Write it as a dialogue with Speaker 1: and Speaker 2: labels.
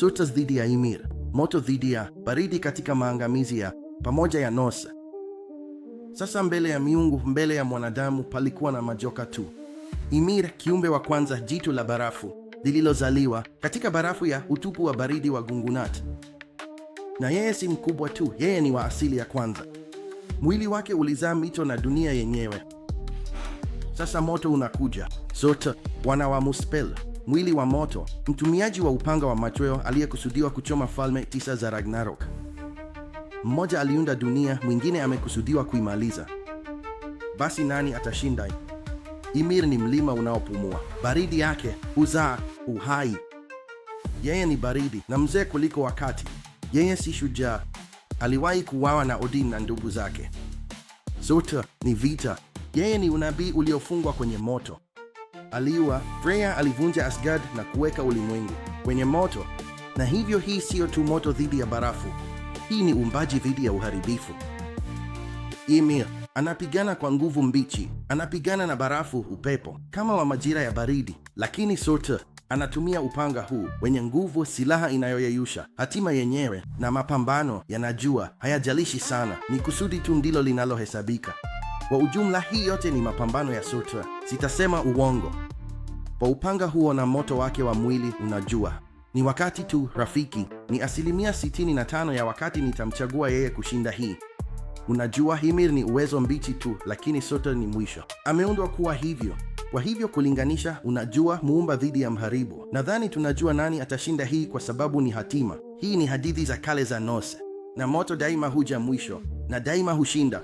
Speaker 1: Sultas dhidi ya Ymir, moto dhidi ya baridi katika maangamizi ya pamoja ya nos Sasa mbele ya miungu, mbele ya mwanadamu palikuwa na majoka tu. Ymir, kiumbe wa kwanza, jitu la barafu lililozaliwa katika barafu ya utupu wa baridi wa Gungunat. Na yeye si mkubwa tu, yeye ni wa asili ya kwanza. Mwili wake ulizaa mito na dunia yenyewe. Sasa moto unakuja, zote wana wa Muspel mwili wa moto, mtumiaji wa upanga wa machweo aliyekusudiwa kuchoma falme tisa za Ragnarok. Mmoja aliunda dunia, mwingine amekusudiwa kuimaliza. Basi nani atashinda? Ymir ni mlima unaopumua, baridi yake huzaa uhai. Yeye ni baridi na mzee kuliko wakati. Yeye si shujaa, aliwahi kuwawa na Odin na ndugu zake. Zote ni vita. Yeye ni unabii uliofungwa kwenye moto aliua, Freya alivunja Asgard na kuweka ulimwengu kwenye moto. Na hivyo hii siyo tu moto dhidi ya barafu, hii ni uumbaji dhidi ya uharibifu. Ymir anapigana kwa nguvu mbichi, anapigana na barafu, upepo kama wa majira ya baridi, lakini Surtur anatumia upanga huu wenye nguvu, silaha inayoyeyusha hatima yenyewe, na mapambano yanajua hayajalishi sana, ni kusudi tu ndilo linalohesabika. Kwa ujumla, hii yote ni mapambano ya sutra, sitasema uongo. Kwa upanga huo na moto wake wa mwili, unajua ni wakati tu rafiki, ni asilimia 65 ya wakati nitamchagua yeye kushinda hii. Unajua, himir ni uwezo mbichi tu, lakini sutra ni mwisho. Ameundwa kuwa hivyo. Kwa hivyo kulinganisha, unajua, muumba dhidi ya mharibu. Nadhani tunajua nani atashinda hii, kwa sababu ni hatima. Hii ni hadithi za kale za Norse, na moto daima huja mwisho na daima hushinda.